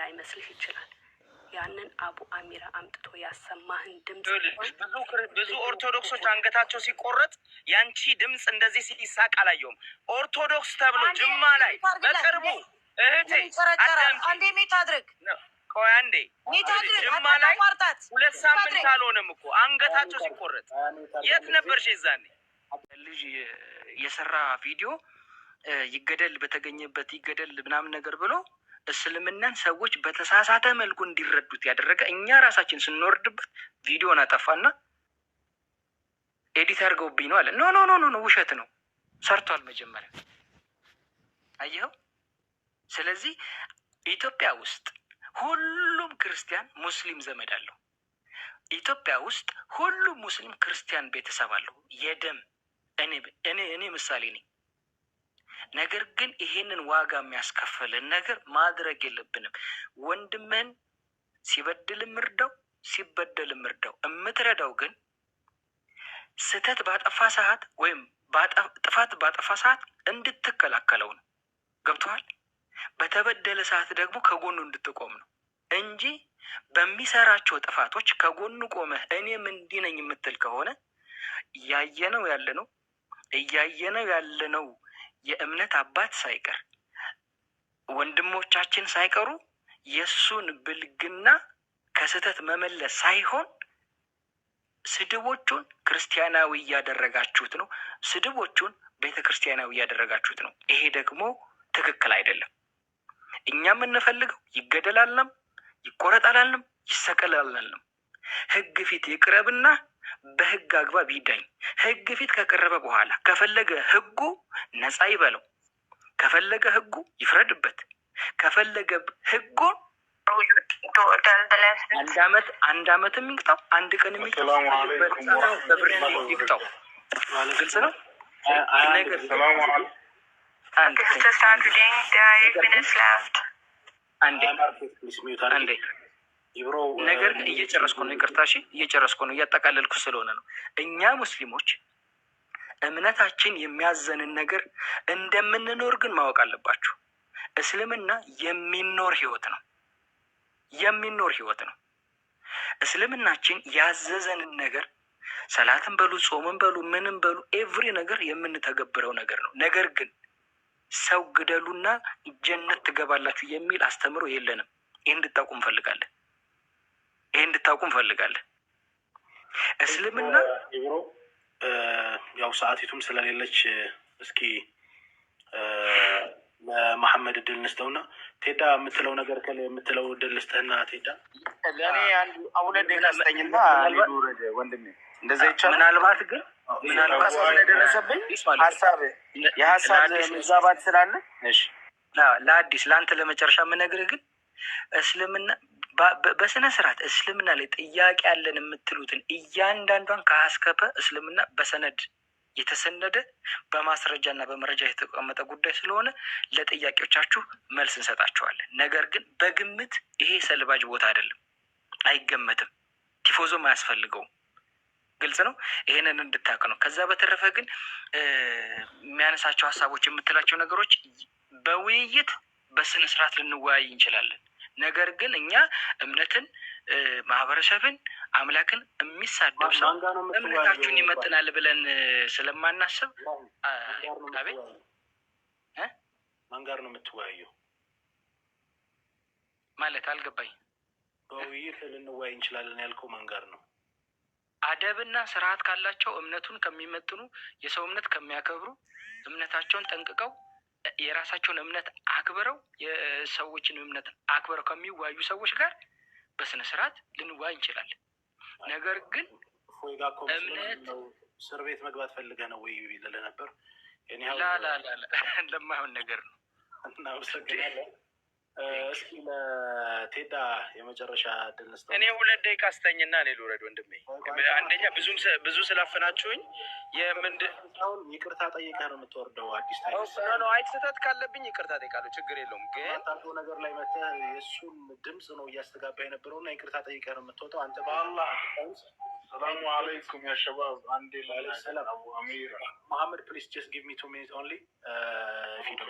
ላይመስልህ ይችላል። ያንን አቡ አሚራ አምጥቶ ያሰማህን ድምፅ ብዙ ኦርቶዶክሶች አንገታቸው ሲቆረጥ ያንቺ ድምፅ እንደዚህ ሲሳቅ አላየውም። ኦርቶዶክስ ተብሎ ጅማ ላይ በቅርቡ እህቴ አንዴ ሜት አድርግ ቆይ አንዴ ጅማ ላይ ሁለት ሳምንት አልሆነም እኮ አንገታቸው ሲቆረጥ የት ነበርሽ? ዛኔ ልጅ የሰራ ቪዲዮ ይገደል በተገኘበት ይገደል ምናምን ነገር ብሎ እስልምናን ሰዎች በተሳሳተ መልኩ እንዲረዱት ያደረገ እኛ ራሳችን ስንወርድበት ቪዲዮን አጠፋና ኤዲት አድርገውብኝ ነው አለ። ኖ ኖ ኖ ኖ ውሸት ነው ሰርቷል መጀመሪያ አየኸው። ስለዚህ ኢትዮጵያ ውስጥ ሁሉም ክርስቲያን ሙስሊም ዘመድ አለው። ኢትዮጵያ ውስጥ ሁሉም ሙስሊም ክርስቲያን ቤተሰብ አለው። የደም እኔ እኔ ምሳሌ ነኝ። ነገር ግን ይሄንን ዋጋ የሚያስከፍልን ነገር ማድረግ የለብንም። ወንድምህን ሲበድልም እርዳው፣ ሲበደልም እርዳው። የምትረዳው ግን ስህተት ባጠፋ ሰዓት ወይም ጥፋት ባጠፋ ሰዓት እንድትከላከለው ነው። ገብቶሃል? በተበደለ ሰዓት ደግሞ ከጎኑ እንድትቆም ነው እንጂ በሚሰራቸው ጥፋቶች ከጎኑ ቆመህ እኔም እንዲህ ነኝ የምትል ከሆነ እያየነው ያለ ነው እያየነው ያለ ነው የእምነት አባት ሳይቀር ወንድሞቻችን ሳይቀሩ የእሱን ብልግና ከስህተት መመለስ ሳይሆን ስድቦቹን ክርስቲያናዊ እያደረጋችሁት ነው፣ ስድቦቹን ቤተ ክርስቲያናዊ እያደረጋችሁት ነው። ይሄ ደግሞ ትክክል አይደለም። እኛ የምንፈልገው ይገደል አልንም፣ ይቆረጥ ህግ ፊት ይቅረብና በህግ አግባብ ይዳኝ። ህግ ፊት ከቀረበ በኋላ ከፈለገ ህጉ ነፃ ይበለው፣ ከፈለገ ህጉ ይፍረድበት፣ ከፈለገ ህጉን አንድ አመት አንድ አመትም ይቅጣው፣ አንድ ቀን በብር ይቅጣው። ግልጽ ነው አንዴ ነገር ግን እየጨረስኩ ነው፣ ይቅርታ እሺ፣ እየጨረስኩ ነው፣ እያጠቃለልኩ ስለሆነ ነው። እኛ ሙስሊሞች እምነታችን የሚያዘንን ነገር እንደምንኖር ግን ማወቅ አለባችሁ። እስልምና የሚኖር ህይወት ነው፣ የሚኖር ህይወት ነው። እስልምናችን ያዘዘንን ነገር ሰላትን በሉ ጾምን በሉ ምንም በሉ ኤቭሪ ነገር የምንተገብረው ነገር ነው። ነገር ግን ሰው ግደሉና ጀነት ትገባላችሁ የሚል አስተምሮ የለንም። ይህ እንድታውቁ እንፈልጋለን። ይሄ እንድታውቁ እንፈልጋለን። እስልምና ብሮ ያው ሰዓቲቱም ስለሌለች እስኪ ለመሐመድ እድል ንስጠውና ቴዳ የምትለው ነገር ከ የምትለው እድል ንስጥህና ቴዳ ምናልባት ግን ምናልባት ስለደረሰብኝ ሀሳብ የሀሳብ ምዛባት ስላለ ለአዲስ ለአንተ ለመጨረሻ የምነግርህ ግን እስልምና በስነ ስርዓት እስልምና ላይ ጥያቄ ያለን የምትሉትን እያንዳንዷን ከአስከፈ እስልምና በሰነድ የተሰነደ በማስረጃ እና በመረጃ የተቀመጠ ጉዳይ ስለሆነ ለጥያቄዎቻችሁ መልስ እንሰጣችኋለን። ነገር ግን በግምት ይሄ ሰልባጅ ቦታ አይደለም፣ አይገመትም፣ ቲፎዞም አያስፈልገውም። ግልጽ ነው። ይሄንን እንድታቅ ነው። ከዛ በተረፈ ግን የሚያነሳቸው ሀሳቦች የምትላቸው ነገሮች በውይይት በስነ ስርዓት ልንወያይ እንችላለን። ነገር ግን እኛ እምነትን፣ ማህበረሰብን፣ አምላክን የሚሳደብ ሰው እምነታችሁን ይመጥናል ብለን ስለማናስብ ቤት ማን ጋር ነው የምትወያየው? ማለት አልገባኝ። በውይይት ልንወያይ እንችላለን ያልከው ማን ጋር ነው? አደብና ስርዓት ካላቸው እምነቱን ከሚመጥኑ የሰው እምነት ከሚያከብሩ እምነታቸውን ጠንቅቀው የራሳቸውን እምነት አክብረው የሰዎችን እምነት አክብረው ከሚዋዩ ሰዎች ጋር በስነ ስርዓት ልንዋይ እንችላለን። ነገር ግን እምነት እስር ቤት መግባት ፈልገ ነው ወይ ልልህ ነበር። ለማይሆን ነገር ነው። እናመሰግናለን። እስኪ ለቴዳ የመጨረሻ ድል እኔ ሁለት ደቂቃ አስተኝና እኔ ልውረድ ወንድሜ። አንደኛ ብዙ ስላፈናችሁኝ የምንድሁን ይቅርታ ጠይቀህ ነው የምትወርደው። አዲስ ታይነው አይ ስህተት ካለብኝ ይቅርታ ጠይቃለሁ፣ ችግር የለውም። ግን ታንቶ ነገር ላይ መተ የእሱን ድምፅ ነው እያስተጋባ የነበረው እና ይቅርታ ጠይቀህ ነው የምትወጣው አንተ። በአላህ ሰላሙ አለይኩም ያሸባብ። አንዴ ላይ ሰላም አሚር መሐመድ ፕሊስ ጀስት ጊቭ ሚ ቱ ሚኒት ኦንሊ ፊዶ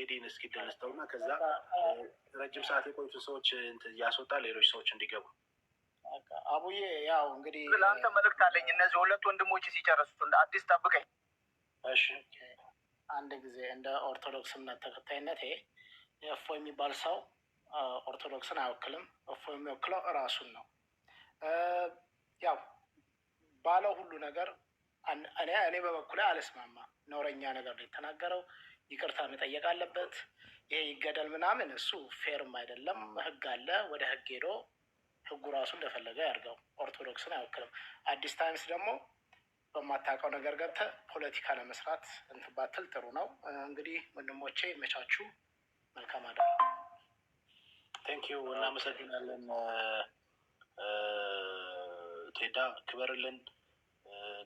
ኤዲን እስኪ ደነስተው እና ከዛ ረጅም ሰዓት የቆዩትን ሰዎች ያስወጣ ሌሎች ሰዎች እንዲገቡ አቡዬ። ያው እንግዲህ ለአንተ መልእክት አለኝ። እነዚህ ሁለት ወንድሞች ሲጨርሱት እንደ አዲስ ጠብቀኝ። እሺ አንድ ጊዜ እንደ ኦርቶዶክስ እምነት ተከታይነት እፎ የሚባል ሰው ኦርቶዶክስን አይወክልም። እፎ የሚወክለው እራሱን ነው። ያው ባለው ሁሉ ነገር እኔ በበኩሌ አልስማማ። ነውረኛ ነገር ነው የተናገረው። ይቅርታ መጠየቅ አለበት። ይሄ ይገደል ምናምን እሱ ፌርም አይደለም። ህግ አለ። ወደ ህግ ሄዶ ህጉ ራሱ እንደፈለገ ያድርገው። ኦርቶዶክስን አይወክልም። አዲስ ታይምስ ደግሞ በማታውቀው ነገር ገብተ ፖለቲካ ለመስራት እንትን ባትል ጥሩ ነው። እንግዲህ ወንድሞቼ መቻችሁ መልካም አደ ቴንኪዩ። እናመሰግናለን። uh, uh, ቴዳ ክበርልን።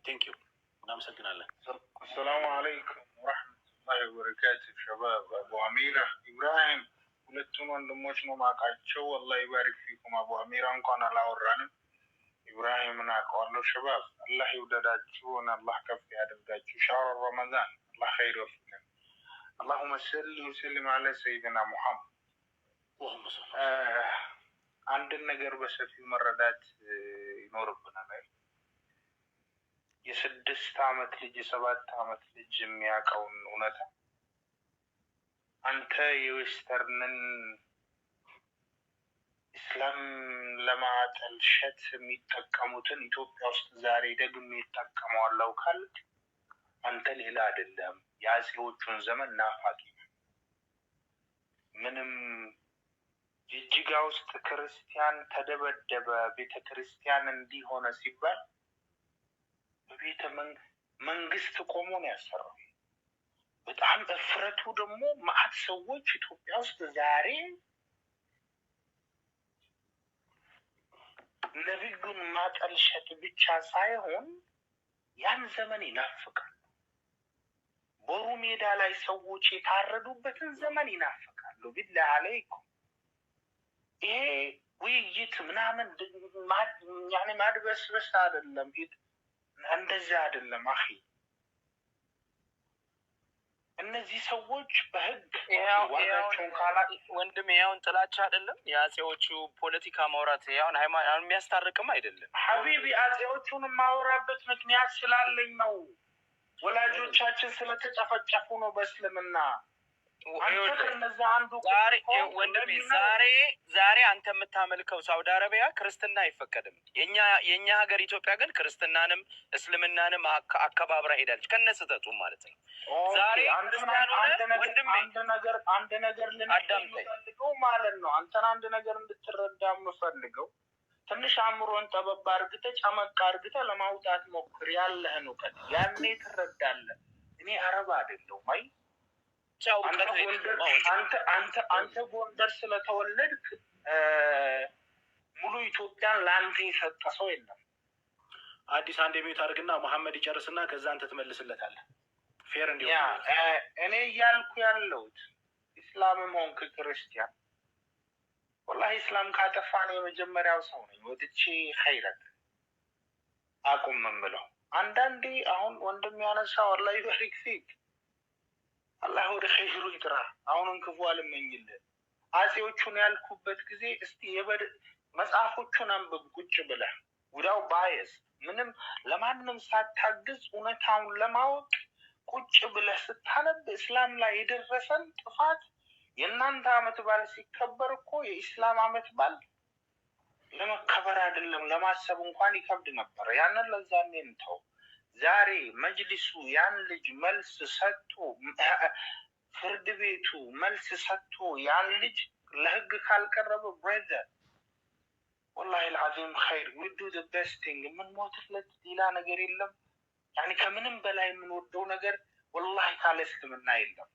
ቴንኪዩ። uh, እናመሰግናለን። ሰላሙ አለይኩም الله وبركاته شباب ابو اميره ابراهيم ولتون ወንድሞች ነው ማቃቸው والله يبارك فيكم ابو اميره እንኳን አላወራንም ابراهيم انا اقوله شباب الله أنا الله كف يادرجو شهر رمضان الله خير وفيك اللهم صل وسلم على سيدنا محمد اللهم صل عند النجر بس في مرادات ينور بنا ليه. የስድስት አመት ልጅ የሰባት አመት ልጅ የሚያውቀውን እውነታ አንተ የዌስተርንን ኢስላም ለማጠልሸት የሚጠቀሙትን ኢትዮጵያ ውስጥ ዛሬ ደግሞ ይጠቀመዋለው ካልክ አንተ ሌላ አይደለም የአጼዎቹን ዘመን ናፋቂ ምንም ጅጅጋ ውስጥ ክርስቲያን ተደበደበ፣ ቤተ ክርስቲያን እንዲሆነ ሲባል በቤተ መንግስት ቆሞ ነው ያሰራው። በጣም እፍረቱ ደግሞ ማአት ሰዎች ኢትዮጵያ ውስጥ ዛሬ ነቢዩን ማጠልሸት ብቻ ሳይሆን ያን ዘመን ይናፍቃል። ቦሩ ሜዳ ላይ ሰዎች የታረዱበትን ዘመን ይናፍቃሉ። ቢላ አለይኩም ይሄ ውይይት ምናምን ማድበስበስ አይደለም። እንደዚያ አይደለም አኺ። እነዚህ ሰዎች በህግ ዋጋቸውን ካላ ወንድም ያውን ጥላቻ አይደለም የአጼዎቹ ፖለቲካ ማውራት ያውን ሃይማኖት የሚያስታርቅም አይደለም ሀቢቢ አጼዎቹን የማወራበት ምክንያት ስላለኝ ነው። ወላጆቻችን ስለተጨፈጨፉ ነው በእስልምና ዛሬ ዛሬ አንተ የምታመልከው ሳውዲ አረቢያ ክርስትና አይፈቀድም። የእኛ ሀገር ኢትዮጵያ ግን ክርስትናንም እስልምናንም አከባብራ ሄዳለች፣ ከነስህተቱ ማለት ነው። ዛሬ አንድ ነገር ልንፈልገው ማለት ነው። አንተን አንድ ነገር እንድትረዳ የምፈልገው ትንሽ አእምሮን ጠበብ አርግተህ ጨመቅ አርግተህ ለማውጣት ሞክር፣ ያለህን እውቀት ያኔ ትረዳለህ። እኔ አረብ አይደለሁም አይ አንተ ጎንደር ስለተወለድክ ሙሉ ኢትዮጵያን ለአንተ የሰጠ ሰው የለም። አዲስ አንድ የሚዩት አድርግና መሐመድ ይጨርስና ከዛ አንተ ትመልስለታለህ። ፌር እንዲሆ እኔ እያልኩ ያለሁት ኢስላምም ሆንክ ክርስቲያን፣ ወላ ኢስላም ካጠፋ ነው የመጀመሪያው ሰው ነኝ። ወጥቼ ኸይረት አቁም የምለው አንዳንዴ አሁን ወንድም ያነሳ ወላሂ በሪክሲክ አላህ ወደ ኸይሩ ይጥራ። አሁንም ክፉ አልመኝልህ። አጼዎቹን ያልኩበት ጊዜ እስቲ የበድ መጽሐፎቹን አንብብ ቁጭ ብለህ ውዳው ባየስ ምንም ለማንም ሳታግዝ እውነታውን ለማወቅ ቁጭ ብለህ ስታነብ እስላም ላይ የደረሰን ጥፋት የእናንተ አመት በዓል ሲከበር እኮ የኢስላም አመት በዓል ለመከበር አይደለም ለማሰብ እንኳን ይከብድ ነበር። ያንን ለዛኔ እንተው። ዛሬ መጅሊሱ ያን ልጅ መልስ ሰጥቶ ፍርድ ቤቱ መልስ ሰጥቶ ያን ልጅ ለህግ ካልቀረበ ብረዘር ወላሂ ልዓዚም ኸይር ውዱ ደስቲንግ የምንሞትለት ሌላ ነገር የለም። ያኒ ከምንም በላይ የምንወደው ነገር ወላሂ ካለ እስልምና የለም።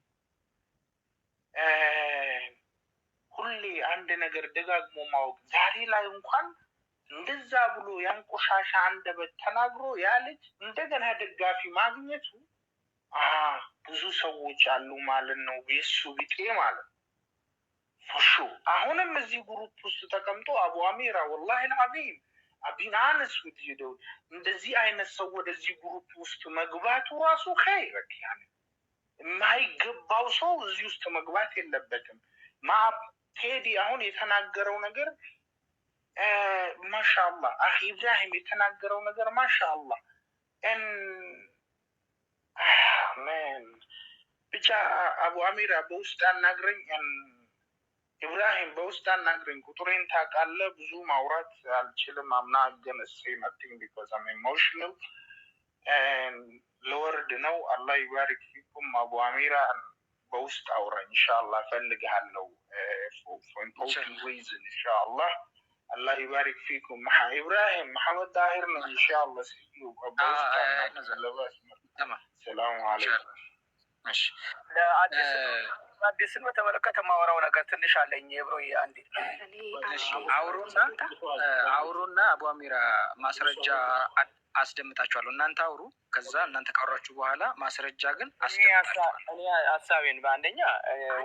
ሁሌ አንድ ነገር ደጋግሞ ማወቅ ዛሬ ላይ እንኳን እንደዛ ብሎ ያን ቆሻሻ አንደበት ተናግሮ ያ ልጅ እንደገና ደጋፊ ማግኘቱ ብዙ ሰዎች አሉ ማለት ነው። የሱ ቢጤ ማለት ፍሹ አሁንም እዚህ ግሩፕ ውስጥ ተቀምጦ አቡ አሚራ ወላሂ ልአዚም አቢን አነስ ውትሄደው እንደዚህ አይነት ሰው ወደዚህ ግሩፕ ውስጥ መግባቱ ራሱ ያለ የማይገባው ሰው እዚህ ውስጥ መግባት የለበትም። ማ ቴዲ አሁን የተናገረው ነገር ማሻአላህ አህ ኢብራሂም የተናገረው ነገር ማሻአላህ ምን ብቻ አቡ አሚራ በውስጥ አናግረኝ፣ ኢብራሂም በውስጥ አናግረኝ፣ ቁጥሬን ታውቃለህ። ብዙ ማውራት አልችልም። አምና ገነሴ መቲንግ ቢኮዛም ኢሞሽናል ለወርድ ነው። አላህ ይባሪክ ፊኩም። አቡ አሚራ በውስጥ አውራኝ፣ ኢንሻአላህ እፈልግሃለሁ። ኢምፖርታንት ሪዝን ኢንሻአላህ Allah yubarik fikum maxaa Ibrahim Maxamed Daahirna insha Allah sijuu አዲስን በተመለከተ ማወራው ነገር ትንሽ አለኝ። ብሮ አውሩና አውሩና አቡ አሚራ ማስረጃ አስደምጣችኋለሁ። እናንተ አውሩ። ከዛ እናንተ ካወራችሁ በኋላ ማስረጃ ግን አስደምጣችኋለሁ። እኔ ሀሳቤን በአንደኛ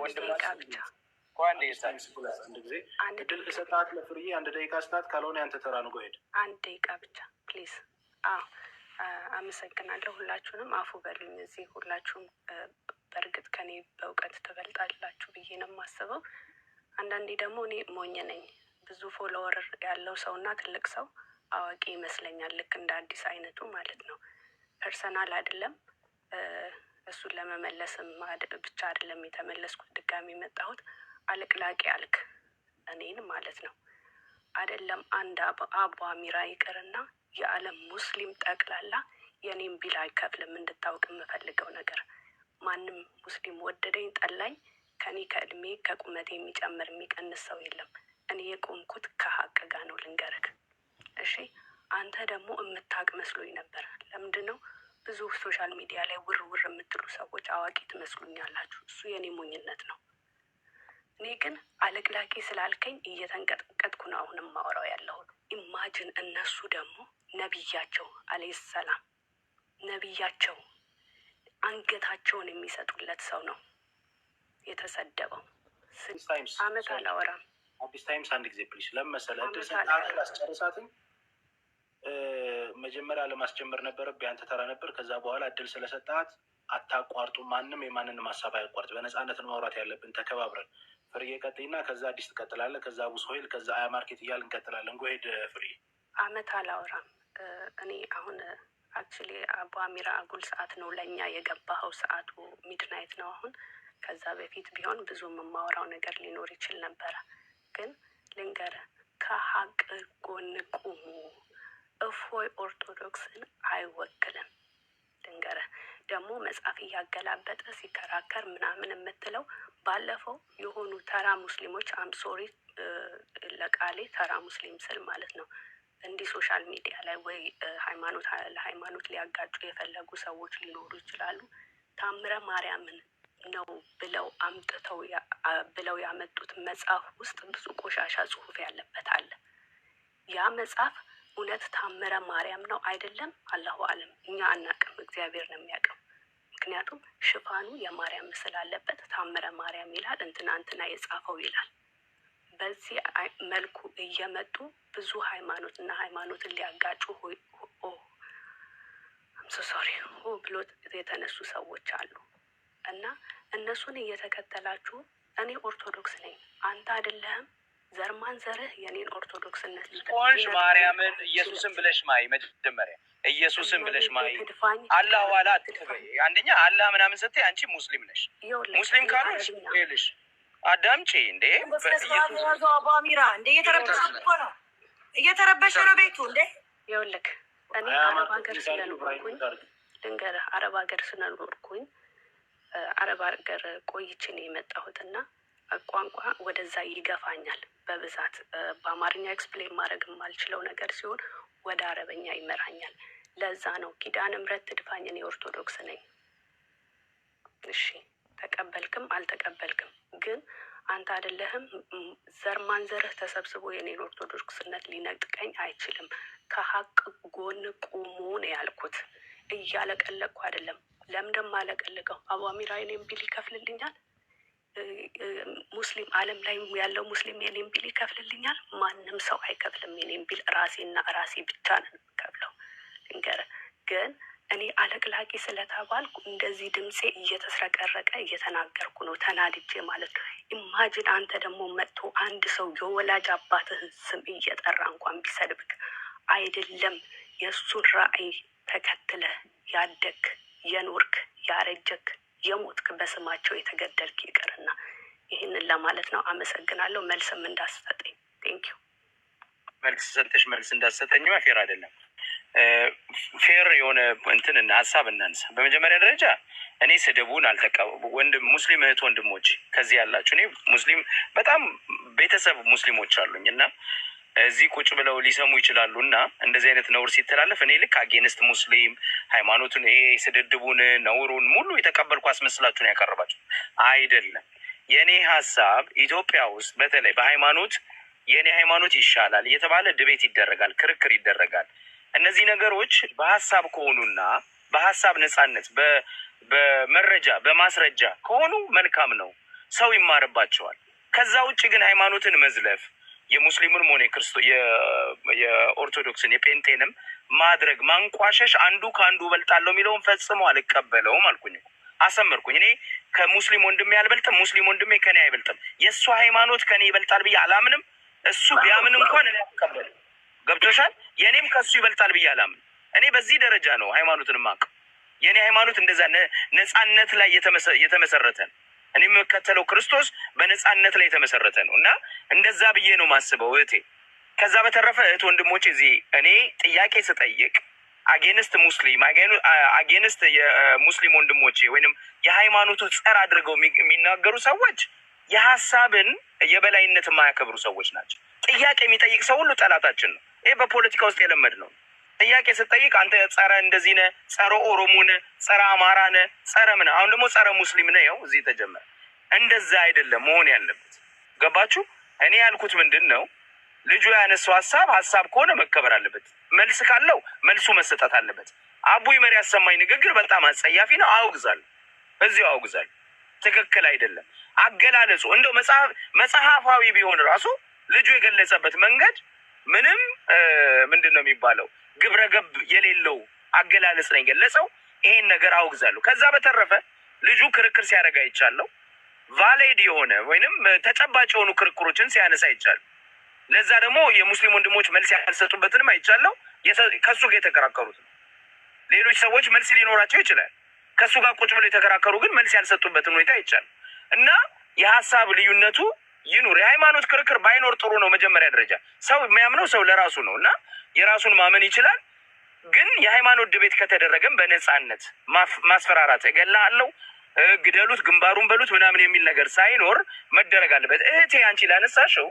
ወንድማ እድል ለፍርዬ አንድ ደቂቃ ስታት፣ ካልሆነ ያንተ ተራ ነው። ሄድ አንድ ደቂቃ ብቻ ፕሊዝ። አመሰግናለሁ። ሁላችሁንም አፉ በሉኝ። እዚህ ሁላችሁም በእርግጥ ከኔ በእውቀት ትበልጣላችሁ ብዬ ነው የማስበው። አንዳንዴ ደግሞ እኔ ሞኝ ነኝ። ብዙ ፎሎወር ያለው ሰው እና ትልቅ ሰው አዋቂ ይመስለኛል። ልክ እንደ አዲስ አይነቱ ማለት ነው። ፐርሰናል አይደለም እሱን ለመመለስም ብቻ አይደለም የተመለስኩት፣ ድጋሚ መጣሁት አለቅላቂ አልክ እኔን ማለት ነው አደለም አንድ አቡ አሚራ ይቅርና የዓለም ሙስሊም ጠቅላላ የኔም ቢል አይከፍልም። እንድታውቅ የምፈልገው ነገር ማንም ሙስሊም ወደደኝ ጠላኝ፣ ከኔ ከእድሜ ከቁመቴ የሚጨምር የሚቀንስ ሰው የለም። እኔ የቆምኩት ከሀቅ ጋር ነው ልንገርግ እሺ አንተ ደግሞ የምታቅ መስሎኝ ነበር። ለምንድን ነው ብዙ ሶሻል ሚዲያ ላይ ውር ውር የምትሉ ሰዎች አዋቂ ትመስሉኛላችሁ? እሱ የኔ ሞኝነት ነው። እኔ ግን አለቅላቂ ስላልከኝ እየተንቀጥቀጥኩ ነው አሁንም ማውራው ያለው። ኢማጅን እነሱ ደግሞ ነቢያቸው አለይ ሰላም ነቢያቸው አንገታቸውን የሚሰጡለት ሰው ነው የተሰደበው። አመት አላወራም። አዲስ ታይምስ አንድ ጊዜ ፕሊስ ለመሰለ አስጨርሳትኝ። መጀመሪያ ለማስጀመር ነበረ ቢያንተ ተራ ነበር። ከዛ በኋላ እድል ስለሰጣት አታቋርጡ። ማንም የማንንም ሀሳብ አያቋርጥ። በነፃነት ማውራት ያለብን ተከባብረን ፍርዬ ቀጥይና ከዛ አዲስ ትቀጥላለህ። ከዛ አቡ ሶሄል ከዛ አያ ማርኬት እያል እንቀጥላለን። ጎሄድ ፍርዬ። አመት አላወራም እኔ አሁን አክቹሊ አቡ አሚራ አጉል ሰዓት ነው ለእኛ የገባኸው። ሰዓቱ ሚድናይት ነው አሁን። ከዛ በፊት ቢሆን ብዙ የማወራው ነገር ሊኖር ይችል ነበረ፣ ግን ልንገረ ከሀቅ ጎን ቁሙ። እፎይ ኦርቶዶክስን አይወክልም። ልንገርህ ደግሞ መጽሐፍ እያገላበጠ ሲከራከር ምናምን የምትለው ባለፈው የሆኑ ተራ ሙስሊሞች አምሶሪ ለቃሌ ተራ ሙስሊም ስል ማለት ነው እንዲህ ሶሻል ሚዲያ ላይ ወይ ሃይማኖት ለሃይማኖት ሊያጋጩ የፈለጉ ሰዎች ሊኖሩ ይችላሉ። ታምረ ማርያምን ነው ብለው አምጥተው ብለው ያመጡት መጽሐፍ ውስጥ ብዙ ቆሻሻ ጽሁፍ ያለበት አለ። ያ መጽሐፍ እውነት ታምረ ማርያም ነው አይደለም፣ አላሁ አለም፣ እኛ አናቅም። እግዚአብሔር ነው የሚያውቀው። ምክንያቱም ሽፋኑ የማርያም ምስል አለበት። ታምረ ማርያም ይላል፣ እንትና እንትና የጻፈው ይላል። በዚህ መልኩ እየመጡ ብዙ ሃይማኖትና ሃይማኖትን ሊያጋጩ ሶሪ ብሎት የተነሱ ሰዎች አሉ እና እነሱን እየተከተላችሁ እኔ ኦርቶዶክስ ነኝ አንተ አይደለህም ዘርማን ዘርህ የኔን ኦርቶዶክስነት ማርያምን ኢየሱስን ብለሽ ማይ መጀመሪያ ኢየሱስን ብለሽ ማይ አላህ ዋላ አትከበይ። አንደኛ አላህ ምናምን ስትይ አንቺ ሙስሊም ነሽ። ሙስሊም ካልሆንሽ ልሽ አዳምጪ እንዴ አሚራ እንዴ እየተረበሸ ነው እየተረበሸ ነው ቤቱ እንዴ ይኸውልህ፣ እኔ አረብ ሀገር ስለኖርኩኝ ልንገርህ፣ አረብ ሀገር ስለኖርኩኝ አረብ ሀገር ቆይቼ ነው የመጣሁትና ቋንቋ ወደዛ ይገፋኛል በብዛት በአማርኛ ኤክስፕሌን ማድረግ የማልችለው ነገር ሲሆን ወደ አረበኛ ይመራኛል። ለዛ ነው ኪዳነ ምሕረት ትድፋኝ፣ እኔ ኦርቶዶክስ ነኝ። እሺ ተቀበልክም አልተቀበልክም ግን አንተ አይደለህም ዘር ማንዘርህ ተሰብስቦ የኔን ኦርቶዶክስነት ሊነጥቀኝ አይችልም። ከሀቅ ጎን ቁሙ ነው ያልኩት። እያለቀለቅኩ አይደለም። ለምን እንደማለቀልቀው አቡ አሚራ እኔም ቢል ይከፍልልኛል። ሙስሊም ዓለም ላይ ያለው ሙስሊም የኔም ቢል ይከፍልልኛል? ማንም ሰው አይከፍልም። የኔም ቢል ራሴና ራሴ ብቻ ነው የምከፍለው። ልንገርህ ግን እኔ አለቅላቂ ስለተባልኩ እንደዚህ ድምፄ እየተስረቀረቀ እየተናገርኩ ነው፣ ተናድጄ ማለት ነው። ኢማጅን አንተ ደግሞ መጥቶ አንድ ሰው የወላጅ አባትህን ስም እየጠራ እንኳን ቢሰድብክ አይደለም የእሱን ራዕይ ተከትለ ያደግ የኖርክ ያረጀክ የሞትክ በስማቸው የተገደልክ ይቅርና ይህንን ለማለት ነው። አመሰግናለሁ። መልስም እንዳሰጠኝ ቴንኪው። መልስ ሰጥተሽ መልስ እንዳሰጠኝማ ፌር አይደለም። ፌር የሆነ እንትን ሀሳብ እናንሳ። በመጀመሪያ ደረጃ እኔ ስድቡን አልተቃወም። ወንድም ሙስሊም እህት ወንድሞች ከዚህ ያላችሁ እኔ ሙስሊም በጣም ቤተሰብ ሙስሊሞች አሉኝ እና እዚህ ቁጭ ብለው ሊሰሙ ይችላሉ እና እንደዚህ አይነት ነውር ሲተላለፍ እኔ ልክ አጌንስት ሙስሊም ሃይማኖቱን ይሄ ስድድቡን ነውሩን ሙሉ የተቀበልኩ አስመስላችሁን ያቀረባቸው አይደለም። የእኔ ሀሳብ ኢትዮጵያ ውስጥ በተለይ በሃይማኖት የእኔ ሃይማኖት ይሻላል እየተባለ ድቤት ይደረጋል፣ ክርክር ይደረጋል። እነዚህ ነገሮች በሀሳብ ከሆኑና በሀሳብ ነጻነት በመረጃ በማስረጃ ከሆኑ መልካም ነው፣ ሰው ይማርባቸዋል። ከዛ ውጭ ግን ሃይማኖትን መዝለፍ የሙስሊሙን ሆነ የኦርቶዶክስን የፔንቴንም ማድረግ ማንቋሸሽ አንዱ ከአንዱ እበልጣለሁ የሚለውን ፈጽሞ አልቀበለውም አልኩኝ፣ አሰመርኩኝ። እኔ ከሙስሊም ወንድሜ አልበልጥም፣ ሙስሊም ወንድሜ ከኔ አይበልጥም። የእሱ ሃይማኖት ከኔ ይበልጣል ብዬ አላምንም። እሱ ቢያምን እንኳን እኔ አልቀበልም። ገብቶሻል? የእኔም ከእሱ ይበልጣል ብዬ አላምን። እኔ በዚህ ደረጃ ነው ሃይማኖትን ማቅ የእኔ ሃይማኖት እንደዛ ነጻነት ላይ የተመሰረተ ነው። እኔ የምከተለው ክርስቶስ በነፃነት ላይ የተመሰረተ ነው እና እንደዛ ብዬ ነው ማስበው እህቴ። ከዛ በተረፈ እህት ወንድሞች፣ እዚህ እኔ ጥያቄ ስጠይቅ አጌንስት ሙስሊም አጌንስት የሙስሊም ወንድሞቼ ወይንም የሃይማኖቱ ጸር አድርገው የሚናገሩ ሰዎች የሀሳብን የበላይነት የማያከብሩ ሰዎች ናቸው። ጥያቄ የሚጠይቅ ሰው ሁሉ ጠላታችን ነው። ይህ በፖለቲካ ውስጥ የለመድ ነው። ጥያቄ ስጠይቅ አንተ ጸረ እንደዚህ ነ ጸረ ኦሮሞ ነ፣ ጸረ አማራ ነ ጸረ ምን አሁን ደግሞ ጸረ ሙስሊም ነ ያው እዚህ ተጀመረ። እንደዛ አይደለም መሆን ያለበት። ገባችሁ? እኔ ያልኩት ምንድን ነው ልጁ ያነሳው ሀሳብ ሀሳብ ከሆነ መከበር አለበት። መልስ ካለው መልሱ መሰጠት አለበት። አቡይ መሪ ያሰማኝ ንግግር በጣም አጸያፊ ነው። አውግዛል፣ እዚሁ አውግዛል። ትክክል አይደለም አገላለጹ። እንደው መጽሐፋዊ ቢሆን ራሱ ልጁ የገለጸበት መንገድ ምንም ምንድን ነው የሚባለው ግብረ ገብ የሌለው አገላለጽ ነው የገለጸው። ይሄን ነገር አውግዛለሁ። ከዛ በተረፈ ልጁ ክርክር ሲያደርግ አይቻለሁ። ቫሌድ የሆነ ወይንም ተጨባጭ የሆኑ ክርክሮችን ሲያነሳ አይቻለሁ። ለዛ ደግሞ የሙስሊም ወንድሞች መልስ ያልሰጡበትንም አይቻለሁ። ከሱ ጋር የተከራከሩት ሌሎች ሰዎች መልስ ሊኖራቸው ይችላል። ከሱ ጋር ቁጭ ብሎ የተከራከሩ ግን መልስ ያልሰጡበትን ሁኔታ አይቻለሁ እና የሀሳብ ልዩነቱ ይኑር። የሃይማኖት ክርክር ባይኖር ጥሩ ነው። መጀመሪያ ደረጃ ሰው የሚያምነው ሰው ለራሱ ነው እና የራሱን ማመን ይችላል። ግን የሃይማኖት ድቤት ከተደረገም በነፃነት ማስፈራራት አለው ግደሉት፣ ግንባሩን በሉት ምናምን የሚል ነገር ሳይኖር መደረግ አለበት። እህቴ አንቺ ላነሳሽው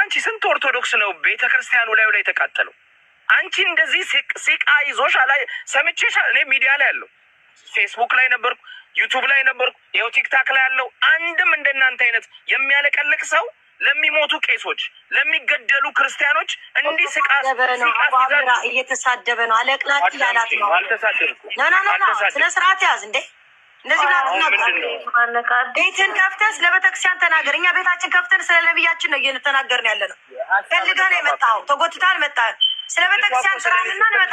አንቺ ስንት ኦርቶዶክስ ነው ቤተ ክርስቲያኑ ላዩ ላይ ተቃጠለው። አንቺ እንደዚህ ሲቃ ላይ ሰምቼሻ? እኔ ሚዲያ ላይ ያለው ፌስቡክ ላይ ነበርኩ ዩቱብ ላይ ነበር፣ ይኸው ቲክታክ ላይ ያለው አንድም እንደናንተ አይነት የሚያለቀልቅ ሰው ለሚሞቱ ቄሶች፣ ለሚገደሉ ክርስቲያኖች እንዲህ ስቃ እየተሳደበ ነው። አለቅላቅ ያላት ነው። ስነ ስርዓት ያዝ እንዴ! እንደዚህ ቤትን ከፍተህ ስለ ቤተክርስቲያን ተናገር። እኛ ቤታችን ከፍተን ስለ ነቢያችን ነው እየተናገርን ያለ ነው። ፈልገን የመጣው ተጎትታን መጣ። ስለ ቤተክርስቲያን ስራ ምናምን መጣ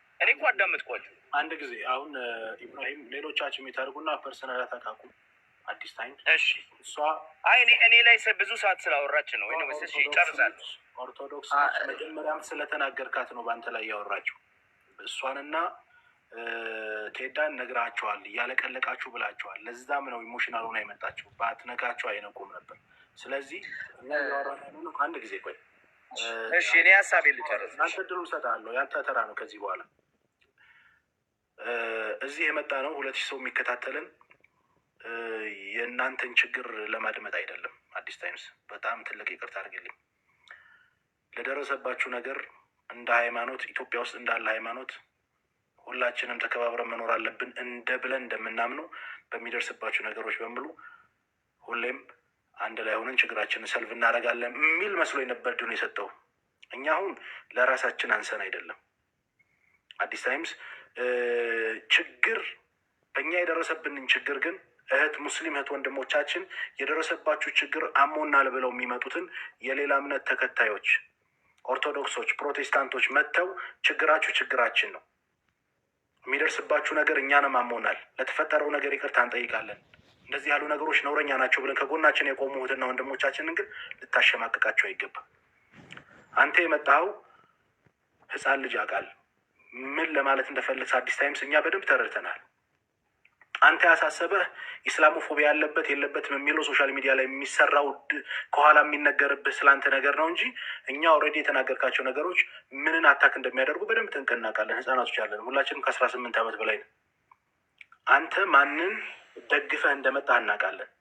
እኔ እኮ አዳመጥኳቸው። አንድ ጊዜ አሁን ኢብራሂም፣ ሌሎቻችሁ የሚታደርጉና ፐርሰናል አታካኩ። አዲስ ታይም እሺ። እሷ አይ እኔ ላይ ብዙ ሰዓት ስላወራች ነው ወይ መስ ይጨርሳል። ኦርቶዶክስ መጀመሪያም ስለተናገርካት ነው በአንተ ላይ እያወራችሁ እሷንና ቴዳን ነግራቸዋል፣ እያለቀለቃችሁ ብላቸዋል። ለዛም ነው ኢሞሽናል ሆና የመጣችው። ባትነካቸው አይነቁም ነበር። ስለዚህ አንድ ጊዜ ቆይ፣ እሺ እኔ ሀሳቤ ልጨርስ። አንተ ድሉ ሰጣለሁ። ያንተ ተራ ነው ከዚህ በኋላ እዚህ የመጣ ነው ሁለት ሺህ ሰው የሚከታተልን የእናንተን ችግር ለማድመጥ አይደለም። አዲስ ታይምስ በጣም ትልቅ ይቅርታ አድርግልኝ። ለደረሰባችሁ ነገር እንደ ሃይማኖት ኢትዮጵያ ውስጥ እንዳለ ሃይማኖት ሁላችንም ተከባብረን መኖር አለብን እንደ ብለን እንደምናምነው በሚደርስባቸው ነገሮች በሙሉ ሁሌም አንድ ላይ ሆነን ችግራችንን ሰልፍ እናደርጋለን የሚል መስሎ የነበር ድን የሰጠው እኛ አሁን ለራሳችን አንሰን አይደለም አዲስ ታይምስ ችግር በእኛ የደረሰብንን ችግር ግን እህት ሙስሊም እህት ወንድሞቻችን የደረሰባችሁ ችግር አሞናል ብለው የሚመጡትን የሌላ እምነት ተከታዮች ኦርቶዶክሶች፣ ፕሮቴስታንቶች መጥተው ችግራችሁ ችግራችን ነው፣ የሚደርስባችሁ ነገር እኛንም አሞናል፣ ለተፈጠረው ነገር ይቅርታ እንጠይቃለን፣ እንደዚህ ያሉ ነገሮች ነውረኛ ናቸው ብለን ከጎናችን የቆሙ እህትና ወንድሞቻችንን ግን ልታሸማቅቃቸው አይገባም። አንተ የመጣኸው ህፃን ልጅ አውቃል ምን ለማለት እንደፈለግስ አዲስ ታይምስ እኛ በደንብ ተረድተናል። አንተ ያሳሰበህ ኢስላሞፎቢያ ያለበት የለበትም የሚለው ሶሻል ሚዲያ ላይ የሚሰራው ከኋላ የሚነገርብህ ስለአንተ ነገር ነው እንጂ እኛ ኦልሬዲ የተናገርካቸው ነገሮች ምንን አታክ እንደሚያደርጉ በደንብ ጥንቅቅ እናውቃለን። ህጻናቶች አለን፣ ሁላችንም ከአስራ ስምንት ዓመት በላይ ነው። አንተ ማንን ደግፈህ እንደመጣህ እናውቃለን።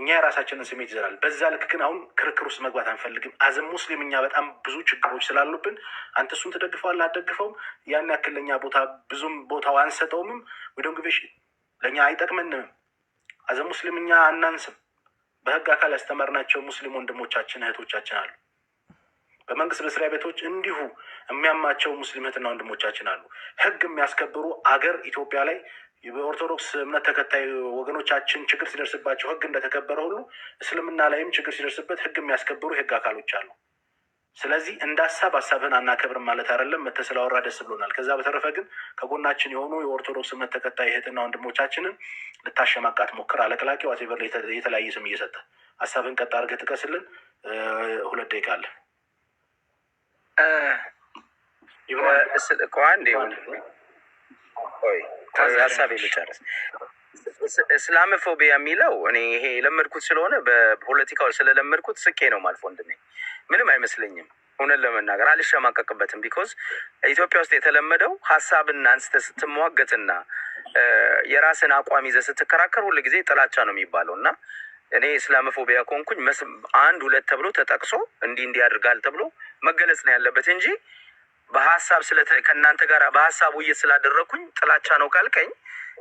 እኛ የራሳችንን ስሜት ይዘናል። በዛ ልክ ግን አሁን ክርክር ውስጥ መግባት አንፈልግም። አዘም ሙስሊም እኛ በጣም ብዙ ችግሮች ስላሉብን አንተ እሱን ትደግፈዋለህ አትደግፈውም፣ ያን ያክል ለእኛ ቦታ ብዙም ቦታው አንሰጠውምም። ወደም ግቤሽ ለእኛ አይጠቅመንምም። አዘም ሙስሊም እኛ አናንስም። በህግ አካል ያስተማርናቸው ሙስሊም ወንድሞቻችን እህቶቻችን አሉ። በመንግስት መስሪያ ቤቶች እንዲሁ የሚያማቸው ሙስሊም እህትና ወንድሞቻችን አሉ። ህግ የሚያስከብሩ አገር ኢትዮጵያ ላይ በኦርቶዶክስ እምነት ተከታይ ወገኖቻችን ችግር ሲደርስባቸው ህግ እንደተከበረ ሁሉ እስልምና ላይም ችግር ሲደርስበት ህግ የሚያስከብሩ የህግ አካሎች አሉ። ስለዚህ እንደ ሀሳብ ሀሳብህን አናከብርም ማለት አይደለም። መተህ ስላወራ ደስ ብሎናል። ከዛ በተረፈ ግን ከጎናችን የሆኑ የኦርቶዶክስ እምነት ተከታይ እህትና ወንድሞቻችንን ልታሸማቃት ሞክር። አለቅላቂ ዋዜበር የተለያየ ስም እየሰጠ ሀሳብህን ቀጥ አድርገህ ጥቀስልን። ሁለት ደቂቃ አለ። ቆይ ሀሳብ የመጨረስ እስላምፎቢያ የሚለው እኔ ይሄ የለመድኩት ስለሆነ በፖለቲካው ስለለመድኩት ስኬ ነው ማልፎ ወንድሜ ምንም አይመስለኝም። እውነት ለመናገር አልሸማቀቅበትም። ቢኮዝ ኢትዮጵያ ውስጥ የተለመደው ሀሳብና አንስተ ስትሟገትና የራስን አቋም ይዘ ስትከራከር ሁል ጊዜ ጥላቻ ነው የሚባለው እና እኔ እስላምፎቢያ ከሆንኩኝ አንድ ሁለት ተብሎ ተጠቅሶ እንዲህ እንዲህ አድርጋል ተብሎ መገለጽ ነው ያለበት እንጂ በሀሳብ ከእናንተ ጋር በሀሳብ ውይይት ስላደረግኩኝ ጥላቻ ነው ካልከኝ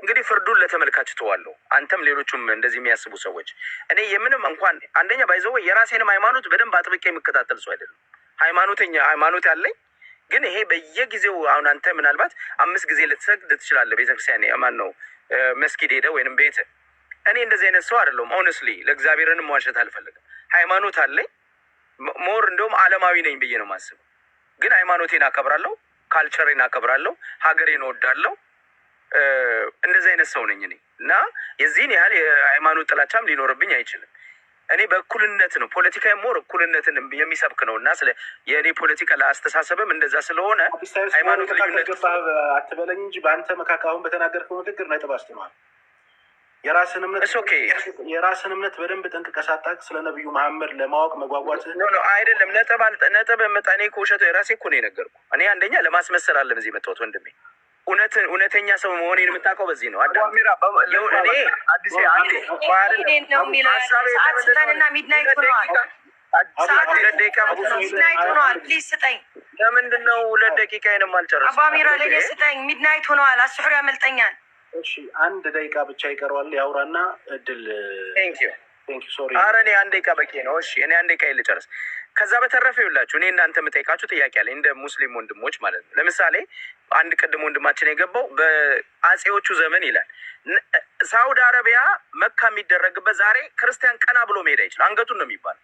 እንግዲህ ፍርዱን ለተመልካች እተዋለሁ። አንተም ሌሎቹም እንደዚህ የሚያስቡ ሰዎች እኔ የምንም እንኳን አንደኛ ባይዘወ የራሴንም ሃይማኖት በደንብ አጥብቄ የሚከታተል ሰው አይደለም። ሃይማኖተኛ ሃይማኖት ያለኝ ግን ይሄ በየጊዜው አሁን አንተ ምናልባት አምስት ጊዜ ልትሰግድ ትችላለህ። ቤተክርስቲያን ማን ነው መስጊድ ሄደ ወይንም ቤት እኔ እንደዚህ አይነት ሰው አይደለሁም። ኦነስትሊ ለእግዚአብሔርንም ዋሸት አልፈልግም። ሃይማኖት አለኝ ሞር እንደውም አለማዊ ነኝ ብዬ ነው ማስበው ግን ሃይማኖቴን አከብራለሁ፣ ካልቸሬን አከብራለሁ፣ ሀገሬን እወዳለሁ። እንደዚህ አይነት ሰው ነኝ እኔ እና የዚህን ያህል የሃይማኖት ጥላቻም ሊኖርብኝ አይችልም። እኔ በእኩልነት ነው ፖለቲካ ሞር እኩልነትን የሚሰብክ ነው እና ስለ የእኔ ፖለቲካ ለአስተሳሰብም እንደዛ ስለሆነ ሃይማኖት ልዩነት አትበለኝ እንጂ በአንተ መካከል አሁን በተናገርከው ንግግር ነጥብ አስተነዋል። የራስን እምነት የራስን እምነት በደንብ ጠንቅቀህ ሳታውቅ ስለ ነቢዩ መሐመድ ለማወቅ መጓጓት አይደለም። ነጥብ ነጥብ መጣኔ እኔ የራሴ ውሸት ራሴ እኮ ነው የነገርኩህ። እኔ አንደኛ ለማስመሰል አለም እዚህ መጣሁት ወንድሜ። እውነት እውነተኛ ሰው መሆኔን የምታውቀው በዚህ ነው። አዳሚራአዲስአንና ሚድናይት ሁለት ደቂቃ ይንም ሆነዋል። አልጨረስኩም? አባሚራ ለእኔ ስጠኝ። ሚድናይት ሆነዋል። አስሑር ያመልጠኛል እሺ አንድ ደቂቃ ብቻ ይቀረዋል። ያውራና እድል አረ እኔ አንድ ደቂቃ በቂ ነው። እሺ እኔ አንድ ደቂቃ ልጨርስ። ከዛ በተረፈ ይውላችሁ እኔ እናንተ የምጠይቃችሁ ጥያቄ አለ፣ እንደ ሙስሊም ወንድሞች ማለት ነው። ለምሳሌ አንድ ቅድም ወንድማችን የገባው በአጼዎቹ ዘመን ይላል ሳውዲ አረቢያ መካ የሚደረግበት ዛሬ ክርስቲያን ቀና ብሎ መሄድ አይችልም፣ አንገቱን ነው የሚባለው።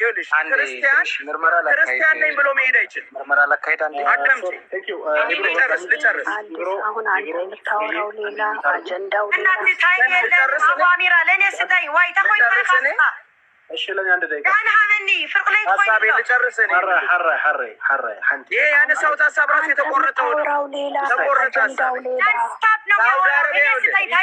ይኸውልሽ ክርስቲያን ነኝ ብሎ መሄድ አይችልም። ምርመራ ላካሄድ ያነሳሁት ሀሳብ ራሱ የተቆረጠው ነው። ተቆረጠ ሀሳብ ሳውዲ አረቢያ